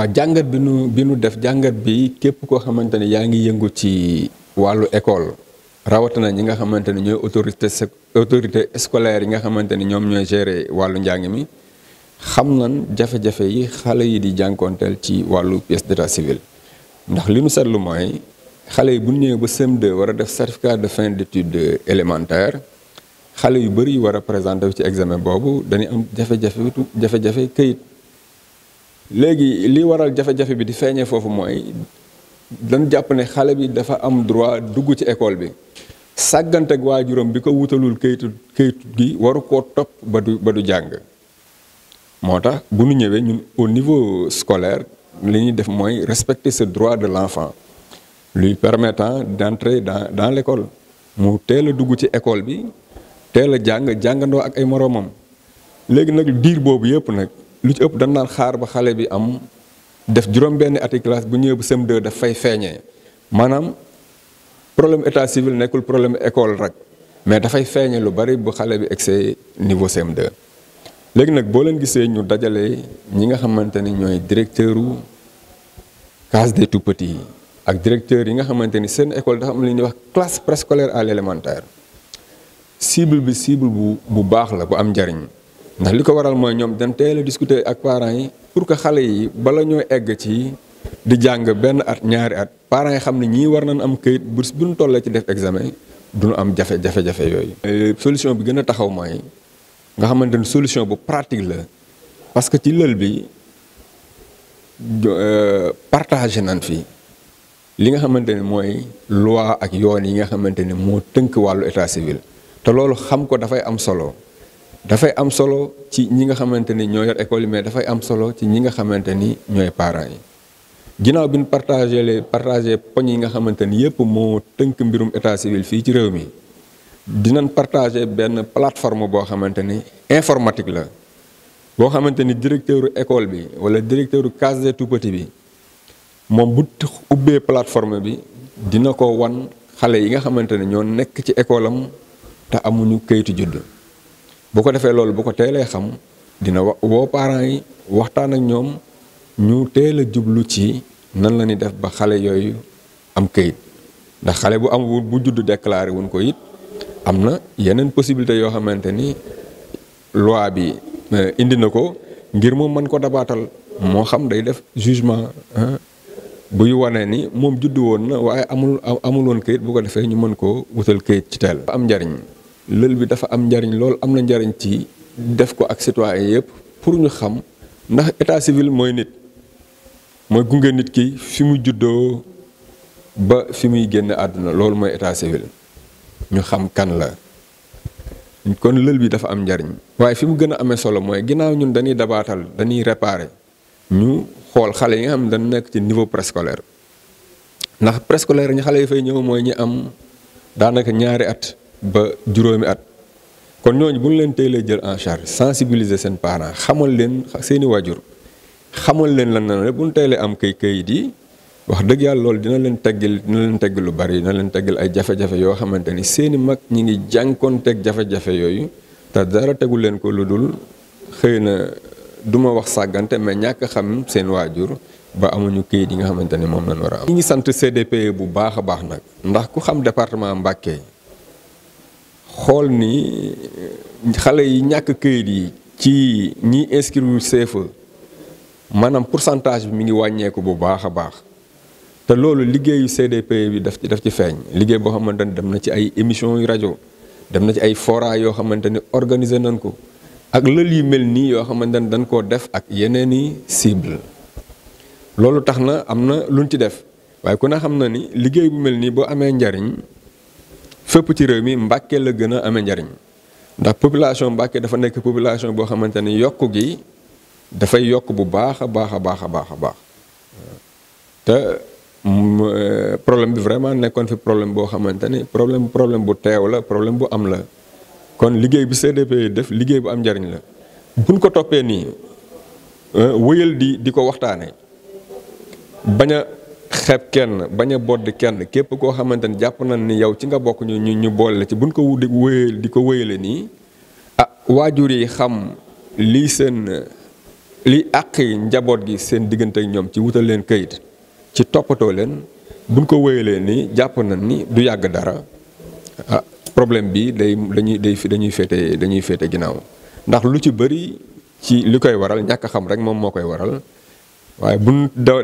waa jàngat bi nu bi nu def jàngat bi képp koo xamante ne yaa ngi yëngu ci wàllu école rawatina ñi nga xamante ne ñooy autorité autorité scolaire yi nga xamante ni ñoom ñooy gérer wàllu njàngi mi xam nan jafe-jafe yi xale yi di jànkoonteel ci wàllu pièce d'état civil ndax li nu seetlu mooy xale yi bu ñëwee ba CM2 war a def certificat de fin d'étude élémentaire xale yu bëri war a présenté ci examen boobu dañuy am jafe-jafe jafe-jafe léegi li waral jafe-jafe bi di feeñee foofu mooy dañ jàpp ne xale bi dafa am droit dugg ci école bi sàggante waa juróom bi ko wutalul kayitu kayitu gi waru ko topp ba du jàng moo tax bu nu ñëwee ñun au niveau scolaire li ñuy def mooy respecte ce droit de l'enfant lui permettant d'entrer dans dans l'école mu teel a dugg ci école bi teel a jàng jàngandoo ak ay moroomam léegi nag diir boobu yëpp nag lu ci ëpp dañ naan xaar ba xale bi am def juróom-benn ati classe bu ñëwee bu sem 2 daf fay feeñee maanaam problème état civil nekkul problème école rek mais dafay feeñe lu bari bu xale bi egsee niveau CM2. léegi nag boo leen gisee ñu dajale ñi nga xamante ni ñooy directeuru case des tout petits yi ak directeur yi nga xamante ni seen école dafa am lu ñuy wax classe préscolaire à l'élémentaire cible bi cible bu bu baax la bu am njariñ ndax li ko waral mooy ñoom dañ teel a discuter ak parents yi pour que xale yi bala ñoo egg ci di jàng benn at ñaari at parents yi xam ne ñii war nañ am kayit bu buñ tollee ci def examen duñu am jafe jafe yooyu. Euh, solution bi gën a taxaw mooy nga xamante ne solution bu pratique la parce que ci lël bi euh, partagé nañ fi. li nga xamante ne mooy loi ak yoon yi nga xamante ne moo tënk wàllu état civil te loolu xam ko dafay am solo dafay am solo ci ñi nga xamante ni ñoo yor école yi mais dafay am solo ci ñi nga xamante ni ñooy parent yi ginnaaw bi ñu partagé les partagé poñ yi nga xamante ni yëpp moo tënk mbirum état civil fii ci réew mi dinañ partagé benn plateforme boo xamante ni informatique la boo xamante ni directeur école bi wala directeur case des tout bi moom bu ubbee plateforme bi dina ko wan xale yi nga xamante ne ñoo nekk ci école am te amuñu kayitu judd bu ko defee loolu boo ko teelee xam dina woo parents yi waxtaan ak ñoom ñu teel a jublu ci nan la ñuy def ba xale yooyu am kayit ndax xale bu am bu juddu déclaré wuñ ko it am na yeneen possibilité yoo xamante ni loi bi euh, indi na ko ngir moom mën ko dabaatal moo xam day def jugement buy wane ni moom juddu woon na waaye amul amul woon këyit bu ko defee ñu mën koo wutal kayit ci teel. am njariñ lël bi dafa am njariñ lool am na njariñ ci def ko ak citoyen yëpp pour ñu xam ndax état civil mooy nit mooy gunge nit ki fi mu juddoo ba fi muy génn àdduna loolu mooy état civil ñu xam kan la kon lël bi dafa am njariñ waaye fi mu gën a amee solo mooy ginnaaw ñun dañuy dabaatal dañuy réparer ñu xool xale yi nga xam ne dañu nekk ci niveau préscolaire ndax préscolaire ñi xale yi fay ñëw mooy ñi am daanaka ñaari at ba juróomi at kon ñooñu bu ñu leen teelee jël en charge sensibiliser seen parent xamal leen seeni waajur xamal leen la na ne bu ñu teelee am kay kayit yi wax dëgg yàlla loolu dina leen teggil dina leen tegg lu bari dina leen teggil ay jafe-jafe yoo xamante ni seeni mag ñi ngi jànkoonteeg jafe-jafe yooyu te dara tegu leen ko lu dul xëy na duma wax sàggante mais ñàkk xam seen waajur ba amuñu kayit yi nga xamante ni moom lañ war a am. ñi ngi sant CDP bu baax a baax nag ndax ku xam département Mbacké xool ni eh, xale yi ñàkk këyit yi ci ñiy inscrire CFEE maanaam pourcentage bi mi ngi wàññeeku bu baax a baax te loolu liggéeyu CDP bi daf ci ci feeñ liggéey boo xamante ni dem na ci ay émissions yu rajo dem na ci ay fora yoo xamante ni organiser nañ ko ak lël yu mel nii yoo xamante ni dañ koo def ak yeneen i cible loolu tax na am na lu luñ ci def waaye ku na xam na ni liggéey bu mel nii boo amee njariñ fépp ci réew mi Mbàkke la gën a amee njariñ ndax population Mbàkke dafa nekk population boo xamante ni yokk gi dafay yokk bu baax a baax a baax a baax a baax te mm, euh, problème bi vraiment nekkoon fi problème boo xamante ni problème problème bu teew la problème bu am la kon liggéey bi CDP def liggéey bu am njariñ la buñ ko toppee nii euh, wëyal di di ko waxtaanee xeeb kenn bañ a bodd kenn képp koo xamante ni jàpp nañ ni yow ci nga bokk ñu ñu ñu boole ci bu buñ ko di wéyal di ko wéyale nii a ah, waajur yi xam lii seen li àqi njaboot gi seen diggante ak ñoom ci wutal leen kayit ci toppatoo leen buñ ko wéyalee nii jàpp nañ ni du yàgg dara ah problème bi day dañuy day dañuy féete dañuy féete ginnaaw ndax lu ci bëri ci li koy waral ñàkk xam rek moom moo koy waral waaye buñ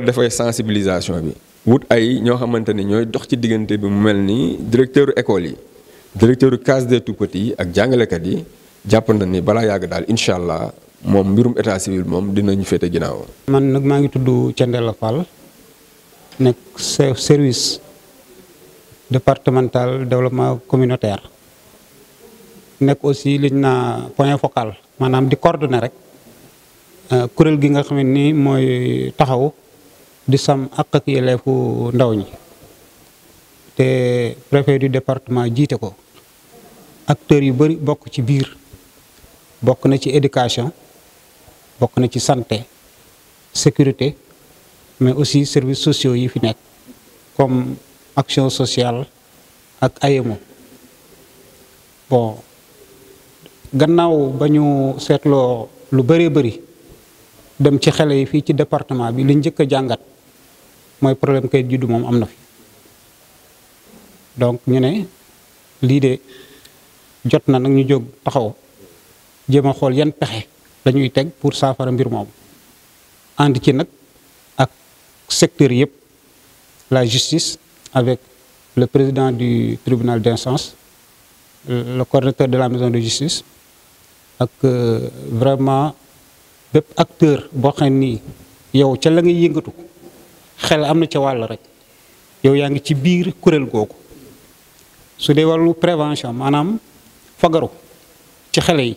defee sensibilisation bi wut ay ñoo xamante ni ñooy dox ci diggante bi mu mel ni directeur école yi directeur case des tout-petits yi ak jàngalekat yi jàpp na ni balaa yàgg daal incha allah moom mbirum état civil moom dinañu féete ginnaaw. man nag maa ngi tudd Thiendella Fall nekk chef service departemental développement communautaire nekk aussi liñ naa point focal maanaam di coordonner rek euh, kuréel gi nga xam ne nii mooy taxaw. di sàmm ak ak yelleefu ndaw ñi te préfet du département jiite ko acteurs yu bëri bokk ci biir bokk na ci éducation bokk na ci santé sécurité mais aussi service sociaux yi fi nekk comme action sociale ak AEMO bon gannaaw ba ñu seetloo lu bëree bëri dem ci xele yi fii ci département bi lu njëkk a jàngat mooy problème kayit juddu moom am na fi donc ñu ne lii de jot na nag ñu jóg taxaw jéem a xool yan pexe dañuy teg pour saafara mbir moomu ànd ci nag ak secteur yëpp la justice avec le président du tribunal d'instance le coordinateur de la maison de justice ak euh, vraiment bépp acteur boo xam ni yow ca la ngay yëngatu xel am na ca wàll rek yow yaa ngi ci biir kuréel googu su dee wàllu prévention maanaam fagaru ci xale yi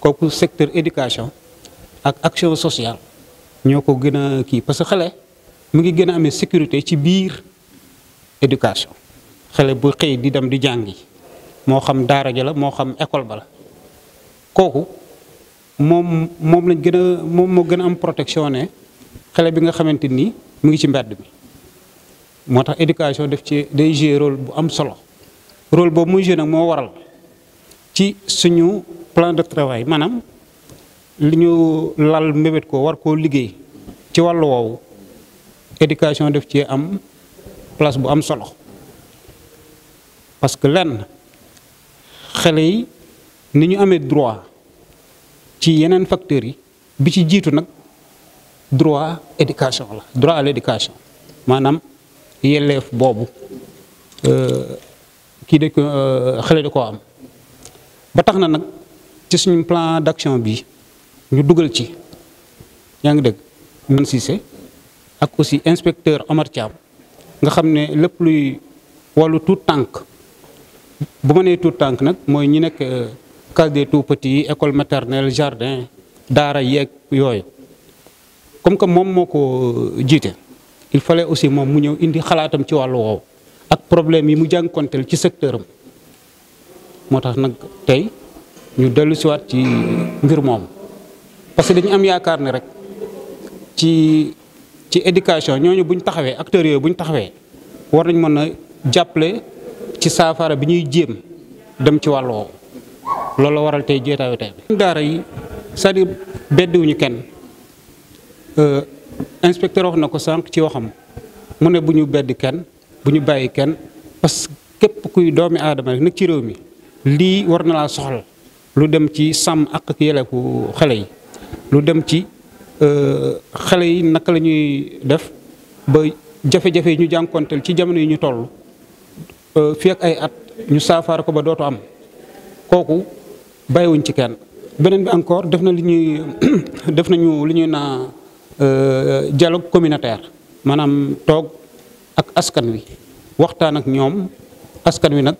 kooku secteur éducation ak action sociale ñoo ko gën a kii parce que xale mu ngi gën a amee sécurité ci biir éducation xale bu xëy di dem di jàngi moo xam daara ja la moo xam école ba la kooku moom moom lañ gën a moom moo gën a am protection ne xale bi nga xamante nii mu ngi ci mbedd mi moo tax éducation def ci day jouer rôle bu am solo rôle boobu muy jouer nag moo waral ci suñu plan de travail maanaam li ñu lal mbébét ko war koo liggéey ci wàllu woowu éducation def ci am place bu am solo parce que lenn xale yi ni ñu amee droit ci yeneen facteur yi bi ci jiitu nag droit éducation la droit à l'éducation maanaam yelleef boobu euh, kii de euh, xale da koo am ba tax na nag ci suñu plan d'action bi ñu dugal ci yaa ngi dégg man Cissé ak aussi inspecteur Omar Thiam nga xam ne lépp luy wàllu tout tànk bu ma nee tout tànk nag mooy ñu nekk euh, case des tout petits yi école maternelle jardin daara yeeg yooyu comme que moom moo ko euh, jiite il fallait aussi moom mu ñëw indi xalaatam ci wàllu woowu ak problème yi mu jànkonteel ci secteur am moo tax nag tey ñu dellu siwaat ci mbir moom parce que dañu am yaakaar ne rek ci ci éducation ñooñu buñ taxawee acteurs yooyu buñ taxawee war nañ mën a jàppale ci saafara bi ñuy jéem dem ci wàll woowu loolu waral tey jeetaayu tey daara yi cest à beddiwuñu kenn Euh, inspecteur wax na ko sànq ci waxam mu ne bu ñu bedd kenn bu ñu bàyyi kenn parce que képp kuy doomi aadama rek nag ci réew mi lii war na laa soxla lu dem ci sàmm ak ak yelefu xale yi lu dem ci euh, xale yi naka la ñuy def ba jafe-jafe yi ñu jànkonteel ci jamono yi ñu toll euh, fii ak ay at ñu saafara ko ba dootu am kooku bàyyiwuñ ci kenn beneen bi encore def na li ñuy def nañu li ñuy naa Euh, dialogue communataire maanaam toog ak askan wi waxtaan ak ñoom askan wi nag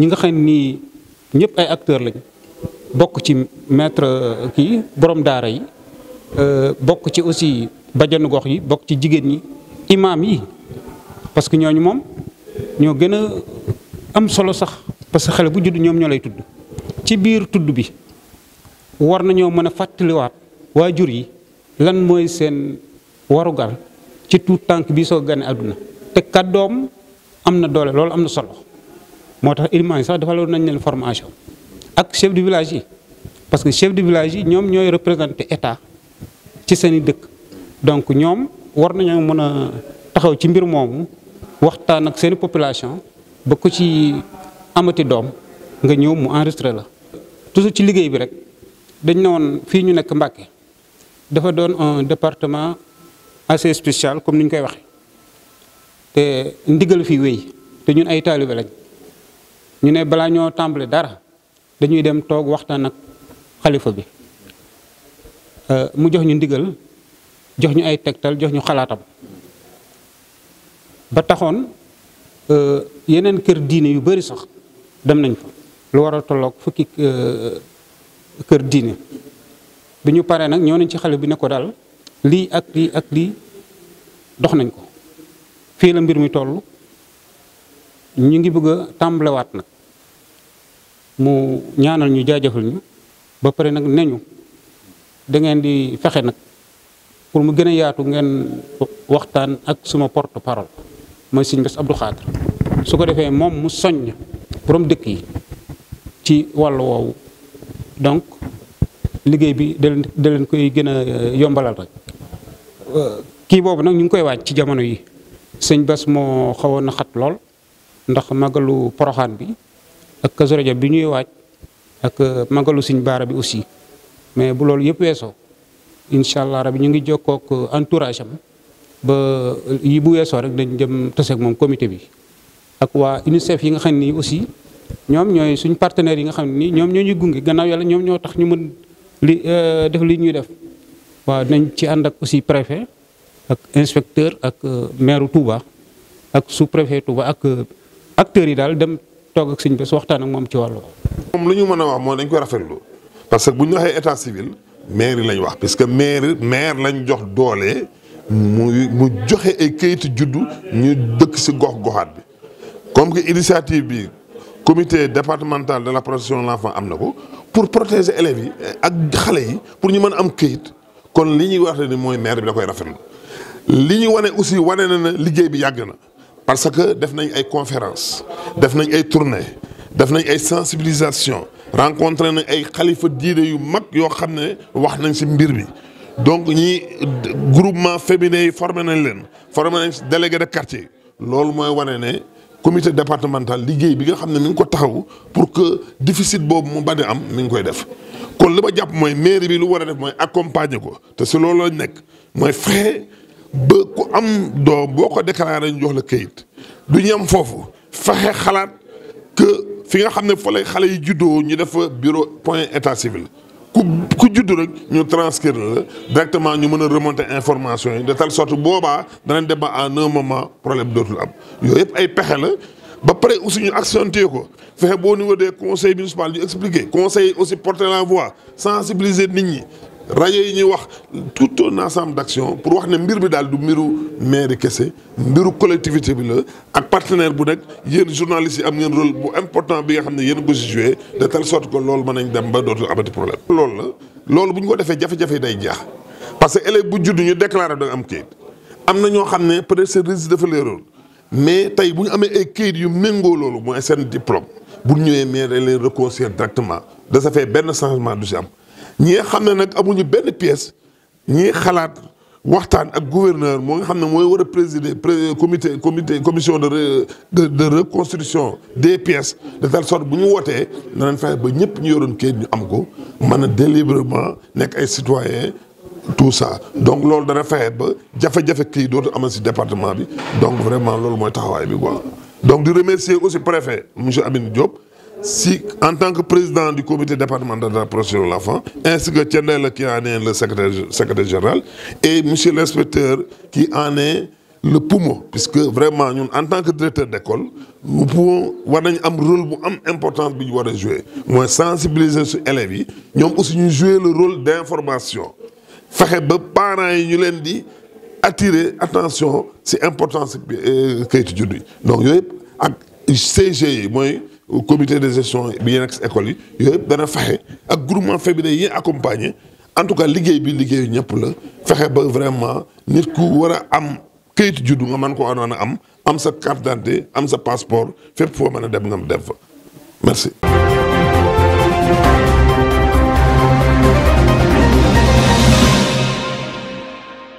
ñi nga xam ni ñëpp ay acteurs lañ bokk ci maître euh, kii borom daara yi euh, bokk ci aussi bajanu gox yi bokk ci jigéen ñi imaam yi parce que ñooñu moom ñoo gën a am solo sax parce que xale bu judd ñoom ñoo lay tudd ci biir tudd bi war nañoo mën a fàttaliwaat waajur yi lan mooy seen warugar ci tout tànk bi soo gane àdduna te kat doom am na doole loolu am na solo moo tax ilimaan yi sax dafa loolu nañ leen formation ak chef de village yi parce que chef de village yi ñoom ñooy représenté état ci seeni dëkk donc ñoom war nañoo mën a taxaw ci mbir moomu waxtaan ak seeni population ba ku ci amati doom nga ñëw mu enregistré la toujours ci liggéey bi rek dañ ne woon fii ñu nekk Mbàkke dafa doon un département assez spécial comme ni ñu koy waxee te ndigal fi wéy te ñun ay taalibe lañ ñu ne balaa ñoo tàmbale dara dañuy dem toog waxtaan ak xalifa bi euh, mu jox ñu ndigal jox ñu ay tegtal jox ñu xalaatam ba taxoon euh, yeneen kër diine yu bari sax dem nañ fa lu war a tolloog fukki euh, kër diine bi ñu paree nag ñoo nañ ci xale bi ne ko daal lii ak lii ak lii dox nañ ko fii la mbir mi toll ñu ngi bëgg a tàmbalewaat nag mu ñaanal ñu jaajëfal ñu ba pare nag neñu da ngeen di fexe nag pour mu gën a yaatu ngeen waxtaan ak suma porte parole mooy sëñ Bass Abdou Khadre su ko defee moom mu soññ borom dëkk yi ci wàll woowu donc liggéey bi da leen koy gën a euh, yombalal rek kii boobu nag ñu ngi koy waaj ci jamono yi sëñ Bass moo xawoon na xat lool ndax magalu poroxaan bi ak Kazu bi ñuy waaj ak euh, magalu sëñ baara bi aussi mais bu loolu yëpp weesoo incha allah rabi ñu ngi jokkook euh, entourage am ba yi bu weesoo rek dañ jëm taseeg moom comité bi ak waa UNICEF yi nga xam ni aussi ñoom ñooy suñ partenaires yi nga xam ni ñoom ñoo ñuy gunge gannaaw yàlla ñoom ñoo tax ñu mën li euh, def li ñuy def waaw nañ ci ànd ak aussi préfet ak inspecteur ak euh, maire Touba ak sous préfet Touba ak euh, acteurs yi daal dem toog ak sëñ bés waxtaan ak moom ci wàllu moom lu ñu mën a wax moo dañ ko rafetlu parce que bu ñu waxee état civil maire lañ wax parce que maire maire lañ jox doole mu mu joxe ay kayitu juddu ñu dëkk si gox goxaat bi comme que initiative bi comité départemental de la protection de l'enfant am na ko pour protéger élèves yi eh, ak xale yi pour ñu mën am këyit kon li ñuy wax ni mooy maire bi da koy rafet rafetlu li ñu wane aussi wane na ne liggéey bi yàgg na parce que def nañ ay conférence def nañ ay tournée def nañ ay sensibilisation rencontré nañ ay xalifa diine yu mag yoo xam ne wax nañ si mbir bi donc ñi groupement féminin yi formé nañ leen forme nañ délégué de quartier loolu mooy wane ne. commité départemental liggéey bi nga xam ne mi ngi ko taxaw pour que déficit boobu mu bari am mi ngi koy def kon li ma jàpp mooy maire bi lu war a def mooy accompagner ko te si loolu lañ nekk mooy fexe ba ku am doom boo ko déclaré ñu jox la kayit du ñu am foofu fexe xalaat que fi nga xam ne fa lay xale yi juddoo ñu def bureau point état civil judd rek ñu transcrire la directement ñu mën a remonter information yi de telle sorte boobaa danañ dem ba en un moment problème dootul am yooyu yëpp ay pexe la. ba pare aussi ñu accentuer ko fexe boo niveau des conseils municipal ñu expliquer conseil aussi porter la voix sensibiliser nit ñi rajo yi ñuy wax tout un ensemble d' action pour wax ne mbir bi daal du mbiru mairie kese mbiru collectivité bi la ak partenaire bu nekk yéen journalistes yi am ngeen rôle bu important bi nga xam ne yéen ko si joué de telle sorte que lool mën nañ dem ba dootul amati problème. lool la loolu bu ñu ko defee jafe-jafe day jeex parce que élève bu judd ñu déclaré da nga am kayit am na ñoo xam ne peut être seen registre dafa leeroon mais tey bu ñu amee ay kayit yu méngoo loolu mooy seen diplôme bu ñëwee mais dañ leen reconsidérer directement de ce benn changement du si am. ñi nga xam ne nag amuñu benn pièce ñi xalaat waxtaan ak gouverneur moo nga xam ne mooy war a présider comité commité commission de de reconstruction des pièces de telle bu ñu wootee na leen ba ñëpp ñu yoroon kayit ñu am ko mën a délibérément nekk ay citoyens tout ça donc loolu dara fexe ba jafe-jafe kii dootu amal si département bi donc vraiment loolu mooy taxawaay mi quoi donc di remercier aussi préfet monsieur Amine Diop si, en tant que président du comité départemental de la protection de l'enfant, ainsi que Tiendel qui en est le secrétaire, secrétaire général, et monsieur l'inspecteur qui en est le poumon, puisque vraiment, nous, en tant que directeur d'école, nous pouvons avoir un rôle important bi que nous devons jouer. Nous sensibiliser les élèves, nous aussi nous jouer le rôle d'information. Faire que les parents nous disent, attirer attention, c'est important que tu dis. Donc, CGI, moi, comité de gestion bi yéen ak école yi yooyu yëpp dana fexe ak groupement féminin yi accompagner en tout cas liggéey bi liggéeyu ñëpp la fexe ba vraiment nit ku war a am kayitu juddu nga man ko anoon a am am sa carte am sa passeport fépp foo mën a dem nga dem fa